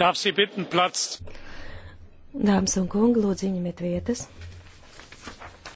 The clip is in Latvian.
Dāmas un kungi, lūdzu, ņemiet vietas.